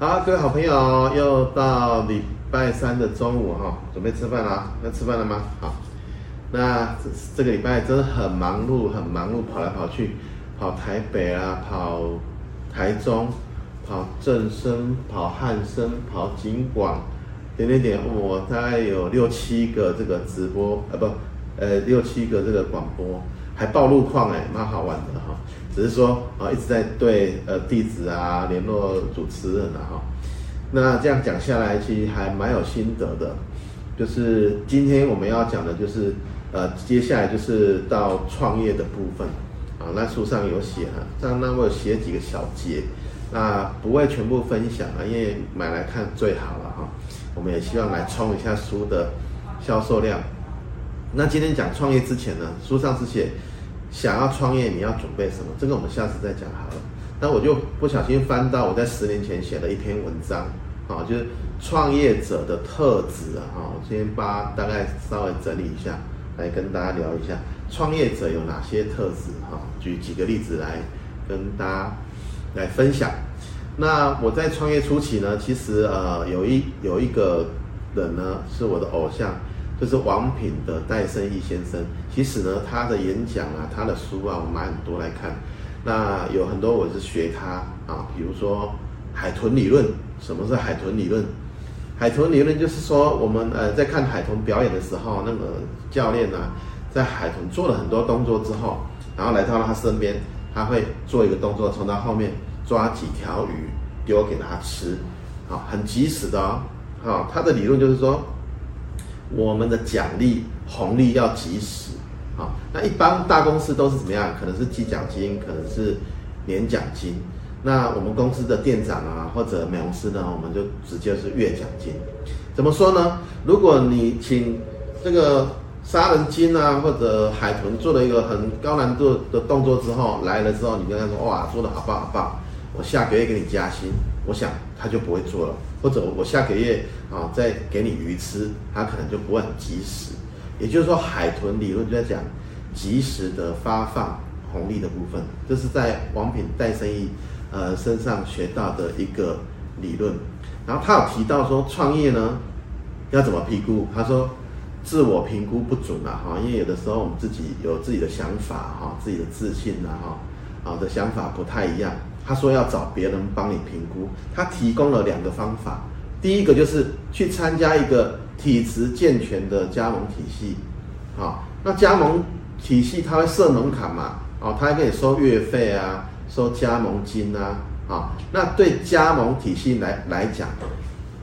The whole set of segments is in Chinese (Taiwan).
好，各位好朋友，又到禮拜三的中午哈、哦，準備吃飯啦？要吃飯了嗎？好，那這、這個禮拜真的很忙碌，很忙碌，跑來跑去，跑台北啊，跑台中，跑正聲，跑漢聲，跑警廣，點點點，我、哦、大概有六七個這個直播啊、呃，不，呃，六七個這個廣播，還報路況、欸，哎，蠻好玩的哈。哦只是說啊，一直在對呃弟子啊聯絡主持人啊哈，那這樣講下來，其實還蠻有心得的。就是今天我們要講的，就是呃接下來就是到創業的部分啊。那書上有寫啊，上那那我有寫幾個小節，那不會全部分享啊，因為買來看最好了哈、啊。我們也希望來衝一下書的銷售量。那今天講創業之前呢，書上是寫。想要創業，你要準備什麼？這個我們下次再講好了。但我就不小心翻到我在十年前寫的一篇文章，啊，就是創業者的特質啊。我今天把大概稍微整理一下，來跟大家聊一下創業者有哪些特質哈，舉幾個例子來跟大家來分享。那我在創業初期呢，其實呃，有一有一個人呢，是我的偶像。就是王品的戴勝益先生。其實呢，他的演講啊，他的書啊，我買很多來看。那有很多我是學他啊，比如說海豚理論。什麼是海豚理論？海豚理論就是說，我們呃在看海豚表演的時候，那個教練呢、啊，在海豚做了很多動作之後，然後來到了他身邊，他會做一個動作，從他後面抓幾條魚丟給他吃，好、啊、很及時的、哦。啊，他的理論就是說。我們的獎勵紅利，要及時，啊，那一般大公司都是怎麼樣？可能是季獎金，可能是年獎金。那我們公司的店長啊，或者美容師呢，我們就直接是月獎金。怎麼說呢？如果你請這個殺人鯨啊，或者海豚做了一個很高難度的動作之後來，了之後你，你跟他說哇，做得好棒好棒。好我下個月給你加薪，我想他就不會做了。或者我下個月啊、哦、再給你魚吃，他可能就不會很及時。也就是說，海豚理論就在講及時的發放紅利的部分，這是在王品戴勝益呃身上學到的一個理論。然後他有提到說，創業呢要怎麼評估？他說自我評估不準啊哈，因為有的時候我們自己有自己的想法哈，自己的自信吶哈啊的想法不太一樣。他說要找別人幫你評估，他提供了兩個方法，第一個就是去參加一個體質健全的加盟體系，啊、哦，那加盟體系他會設門檻嘛，哦，他還可以收月費啊，收加盟金啊，啊、哦，那對加盟體系來來講，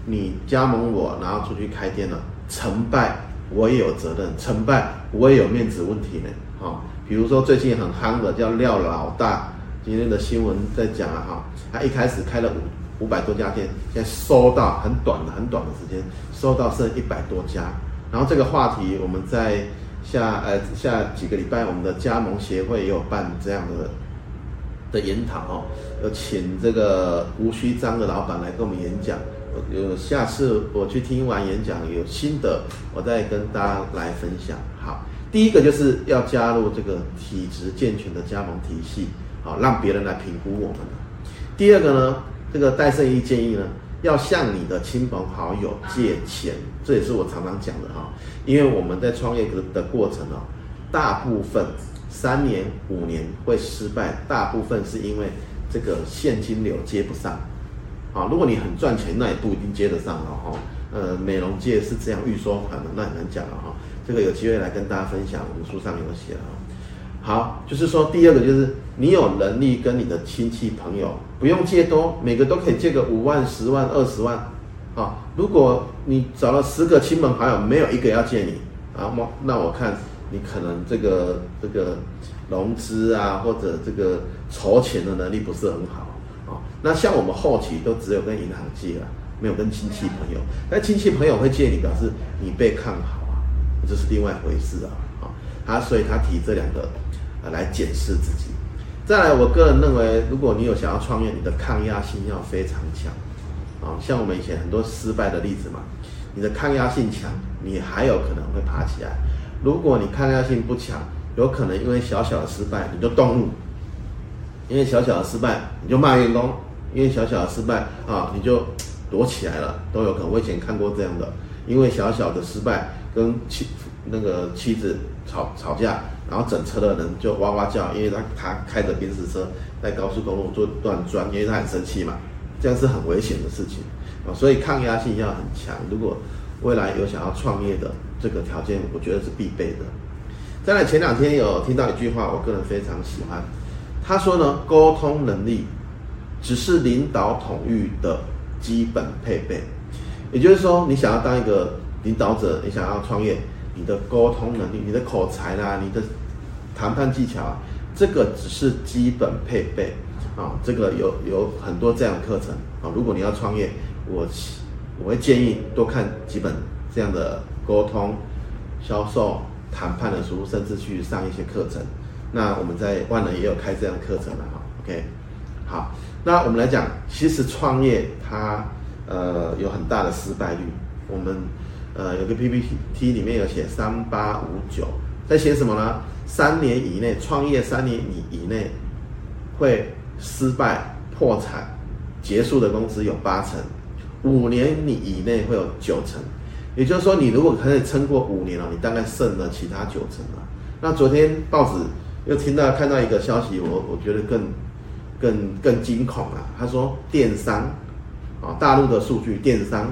你加盟我，然後出去開店了，成敗我也有責任，成敗我也有面子問題呢，啊、哦，比如說最近很夯的叫廖老大。今天的新聞在講啊，哈，他一開始開了五五百多家店，現在收到很短的很短的時間，收到剩一百多家。然後這個話題，我們在下呃、哎、下幾個禮拜，我們的加盟協會也有辦這樣的的研討哦、啊，有請這個吳需章的老闆來跟我們演講。有下次我去聽完演講，有心得，我再跟大家來分享。好，第一個就是要加入這個體質健全的加盟體系。啊，讓別人來評估我們。第二個呢，這個戴勝益建議呢，要向你的親朋好友借錢，這也是我常常講的哈。因為我們在創業的的過程哦，大部分三年五年會失敗，大部分是因為這個現金流接不上。啊，如果你很賺錢，那也不一定接得上哦。呃，美容界是這樣，預收款的那很難講了哈。這個有機會來跟大家分享，我們書上有寫了。好，就是說第二個就是你有能力跟你的親戚朋友不用借多，每個都可以借個五萬、十萬、二十萬，啊、哦，如果你找了十個親朋好友沒有一個要借你，啊，那那我看你可能這個這個融資啊或者這個籌錢的能力不是很好，啊、哦，那像我們後期都只有跟銀行借了，沒有跟親戚朋友，那親戚朋友會借你表示你被看好啊，這，就是另外一回事啊，啊、哦，他所以他提這兩個。來檢視自己。再來，我個人認為，如果你有想要創業，你的抗壓性要非常強。啊，像我們以前很多失敗的例子嘛，你的抗壓性強，你還有可能會爬起來。如果你抗壓性不強，有可能因為小小的失敗你就動怒，因為小小的失敗你就罵員工，因為小小的失敗啊你就躲起來了，都有可能。我以前看過這樣的，因為小小的失敗跟妻那個妻子吵吵架。然後整車的人就哇哇叫，因為他他開着賓士車在高速公路做斷磚，因為他很生氣嘛，這樣是很危險的事情啊，所以抗壓性要很強。如果未來有想要創業的這個條件，我覺得是必備的。再來前兩天有聽到一句話，我個人非常喜歡，他說呢，溝通能力只是領導統御的基本配備，也就是說，你想要當一個領導者，你想要創業。你的溝通能力、你的口才啦、啊、你的談判技巧、啊，這個只是基本配備啊、哦。這個有有很多這樣的課程啊、哦。如果你要創業，我我會建議多看幾本這樣的溝通、銷售、談判的書，甚至去上一些課程。那我們在萬能也有開這樣的課程了哈、哦。OK，好，那我們來講，其實創業它呃有很大的失敗率，我們。呃，有個 PPT 裡面有寫三八五九，在寫什麼呢？三年以內創業，三年你以內會失敗、破產、結束的公司有八成，五年你以內會有九成。也就是說，你如果可以撐過五年了喔，你大概剩了其他九成了。那昨天報紙又聽到看到一個消息，我我覺得更更更驚恐啊。他說電商啊，大陸的數據電商。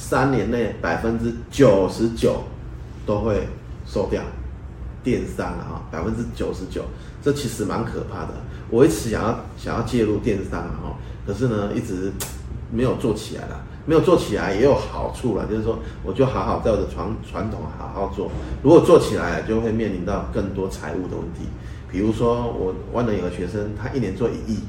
三年內百分之九十九都會收掉電商了啊，百分之九十九，這其實蠻可怕的。我一直想要想要介入電商啊，可是呢，一直沒有做起來啦。沒有做起來也有好處啦，就是說我就好好在我的傳傳統好好做。如果做起來就會面臨到更多財務的問題。比如說，我萬能有個學生，他一年做一億，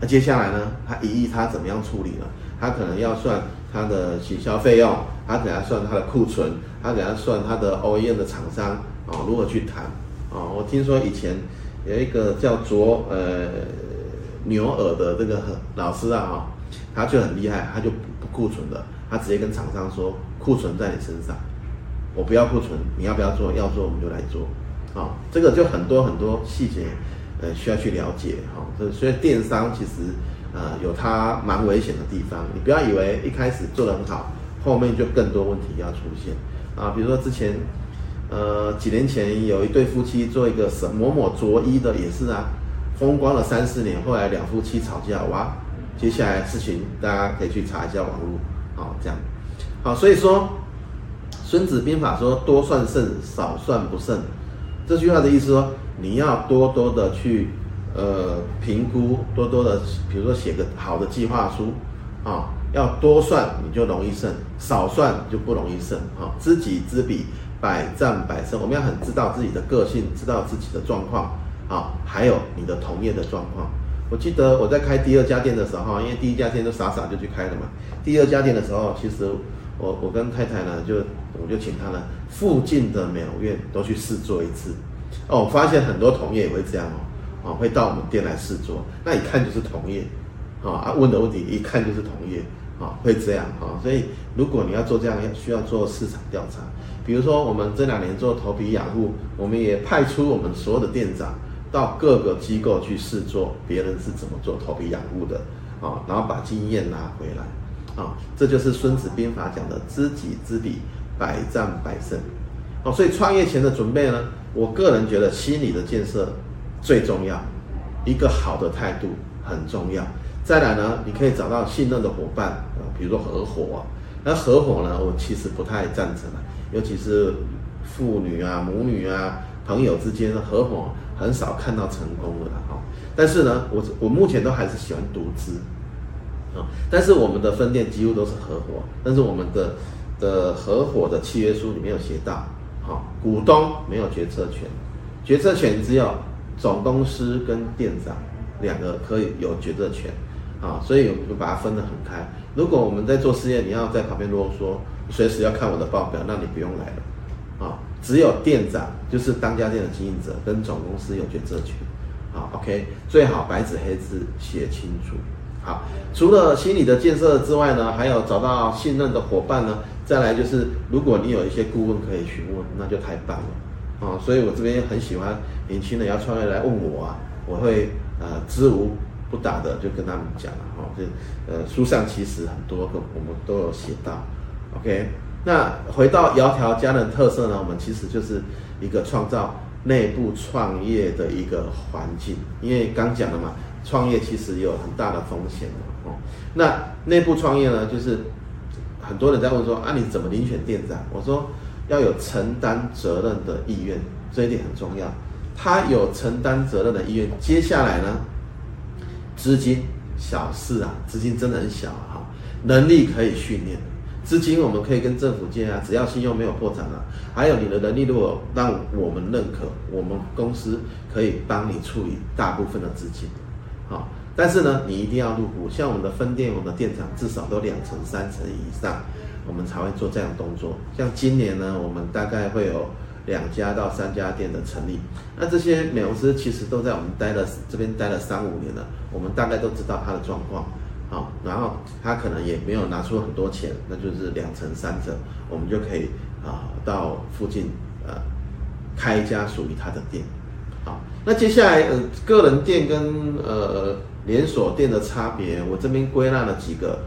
那接下來呢，他一億他怎麼樣處理呢？他可能要算。他的取消費用，他給他算他的庫存，他給他算他的 OEM 的廠商啊、哦，如何去談啊、哦？我聽說以前有一個叫做呃牛耳的這個老師啊，哦、他就很厲害，他就不庫存的，他直接跟廠商說，庫存在你身上，我不要庫存，你要不要做？要做我們就來做，啊、哦，這個就很多很多細節，呃，需要去了解哈。所以、哦、所以電商其實。呃，有他蠻危險的地方，你不要以為一開始做得很好，後面就更多問題要出現啊。比如說之前，呃，幾年前有一對夫妻做一個什麼，某某着衣的也是啊，風光了三四年，後來兩夫妻吵架哇，接下來事情大家可以去查一下網絡啊，這樣。好，所以說《孫子兵法》說多算勝，少算不勝，這句話的意思說你要多多的去。呃，評估多多的，比如說寫個好的計劃書，啊，要多算你就容易勝，少算就不容易勝。啊，知己知彼，百戰百勝。我們要很知道自己的個性，知道自己的狀況，啊，還有你的同業的狀況。我記得我在開第二家店的時候，因為第一家店都傻傻就去開了嘛。第二家店的時候，其實我我跟太太呢，就我就請她呢，附近的美容院都去試做一次，哦、啊，我發現很多同業也會這樣哦。哦，會到我們店來試做，那一看就是同業，啊啊問的問題一看就是同業，啊會這樣啊，所以如果你要做這樣，要需要做市場調查。比如說我們這兩年做頭皮養護，我們也派出我們所有的店長到各個機構去試做，別人是怎麼做頭皮養護的，啊，然後把經驗拿回來，啊，這就是孫子兵法講的知己知彼，百戰百勝，啊，所以創業前的準備呢，我個人覺得心理的建設。最重要，一個好的態度很重要。再來呢，你可以找到信任的夥伴啊，比如說合夥啊。那合夥呢，我其實不太贊成啊，尤其是婦女啊、母女啊、朋友之間的合夥，很少看到成功的，哦，但是呢，我我目前都還是喜歡獨資啊。但是我們的分店幾乎都是合夥，但是我們的的合夥的契約書裡面有寫到，好，哦，股東沒有決策權，決策權只有。總公司跟店長兩個可以有決策權，啊，所以我們就把它分得很開。如果我們在做試驗，你要在旁邊囉嗦，隨時要看我的報表，那你不用來了，啊，只有店長就是當家店的經營者跟總公司有決策權，啊，OK，最好白紙黑字寫清楚。好，除了心理的建設之外呢，還有找到信任的夥伴呢，再來就是如果你有一些顧問可以詢問，那就太棒了。啊、哦，所以我這邊很喜歡年輕人要創業來問我啊，我會呃知無不答的就跟他們講啊，就、哦、呃書上其實很多個我們都有寫到，OK，那回到窈窕佳人特色呢，我們其實就是一個創造內部創業的一個環境，因為剛講了嘛，創業其實有很大的風險的哦，那內部創業呢，就是很多人在問說啊，你怎麼遴選店長，啊？我說。要有承擔責任的意願，這一點很重要。他有承擔責任的意願，接下來呢？資金小事啊，資金真的很小啊。能力可以訓練，資金我們可以跟政府借啊，只要信用沒有破產了。還有你的能力，如果讓我們認可，我們公司可以幫你處理大部分的資金，啊。但是呢，你一定要入股，像我們的分店，我們的店長至少都兩成、三成以上，我們才會做這樣的動作。像今年呢，我們大概會有兩家到三家店的成立。那這些美容師其實都在我們待了這邊待了三五年了，我們大概都知道他的狀況。好，然後他可能也沒有拿出很多錢，那就是兩成三成，我們就可以啊到附近呃開一家屬於他的店。好，那接下來呃個人店跟呃呃。連鎖店的差別，我這邊歸納了幾個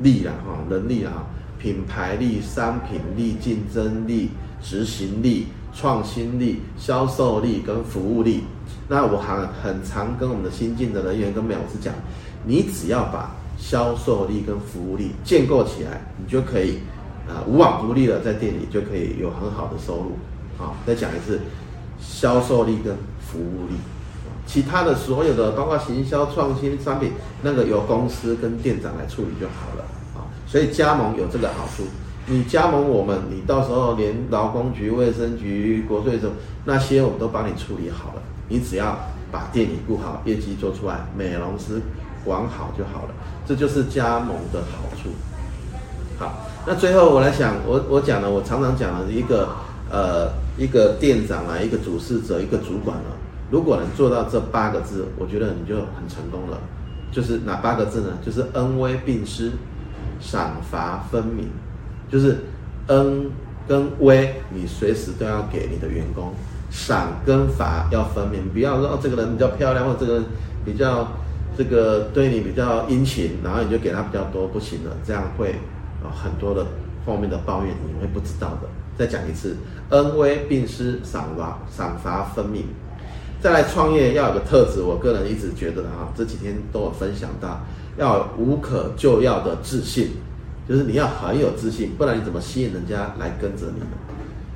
力了哈，人力哈，品牌力、商品力、競爭力、執行力、創新力、銷售力跟服務力。那我很很常跟我們的新進的人員跟苗子講，你只要把銷售力跟服務力建構起來，你就可以啊無往不利的在店裡就可以有很好的收入。好，再講一次，銷售力跟服務力。其他的所有的，包括行銷創新商品，那個由公司跟店長來處理就好了啊。所以加盟有這個好處，你加盟我們，你到時候連勞工局、衛生局、國稅總那些我們都幫你處理好了，你只要把店裡顧好、業績做出來、美容師管好就好了。這就是加盟的好處。好，那最後我來想，我我講了，我常常講了一個呃一個店長啊，一個主事者，一個主管啊。如果能做到這八個字，我覺得你就很成功了。就是哪八個字呢？就是恩威並施，賞罰分明。就是恩跟威，你隨時都要給你的員工；賞跟罰要分明，不要說，哦，這個人比較漂亮，或者這個人比較這個對你比較殷勤，然後你就給他比較多，不行了，這樣會有很多的負面的抱怨，你會不知道的。再講一次，恩威並施，賞罰賞罰分明。再來創業要有一個特質，我個人一直覺得啊，這幾天都有分享到，要有無可救藥的自信，就是你要很有自信，不然你怎麼吸引人家來跟着你？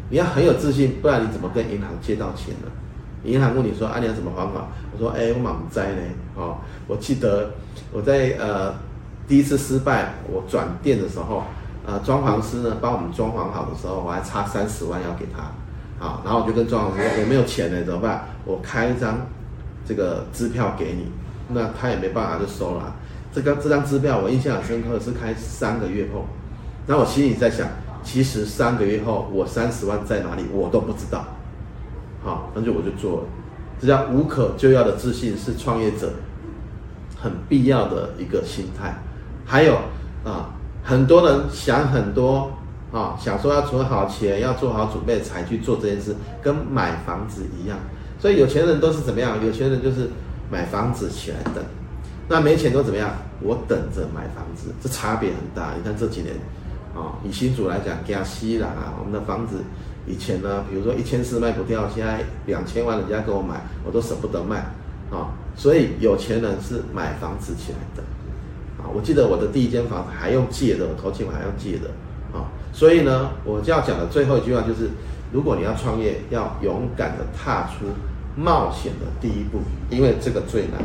你要很有自信，不然你怎麼跟銀行借到錢呢？銀行問你說，啊，你要怎麼還法？我說，哎、欸，我嘛毋知呢。哦，我記得我在呃第一次失敗，我轉店的時候，呃，裝潢師呢幫我們裝潢好的時候，我還差三十萬要給他。好，然後我就跟莊老師說：“我沒有錢了，怎麼辦？我開一張這個支票給你，那他也沒辦法就收了啊。”這張這張支票我印象很深刻，是開三個月後。那我心裡在想，其實三個月後我三十萬在哪裡，我都不知道。好，那就我就做了。這叫無可救藥的自信，是創業者很必要的一個心態。還有啊，很多人想很多。啊、哦，想說要存好錢，要做好準備才去做這件事，跟買房子一樣。所以有錢人都是怎麼樣？有錢人就是買房子起來等。那沒錢都怎麼樣？我等着買房子，這差別很大。你看這幾年，啊、哦，以新竹來講，嘉西啊，我們的房子以前呢，比如說一千四賣不掉，現在兩千萬人家給我買，我都捨不得賣。啊、哦，所以有錢人是買房子起來等。啊、哦，我記得我的第一間房子還用借的，我頭期我還用借的。所以呢，我就要講的最後一句話就是，如果你要創業，要勇敢的踏出冒險的第一步，因為這個最難。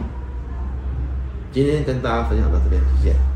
今天跟大家分享到這邊，謝謝。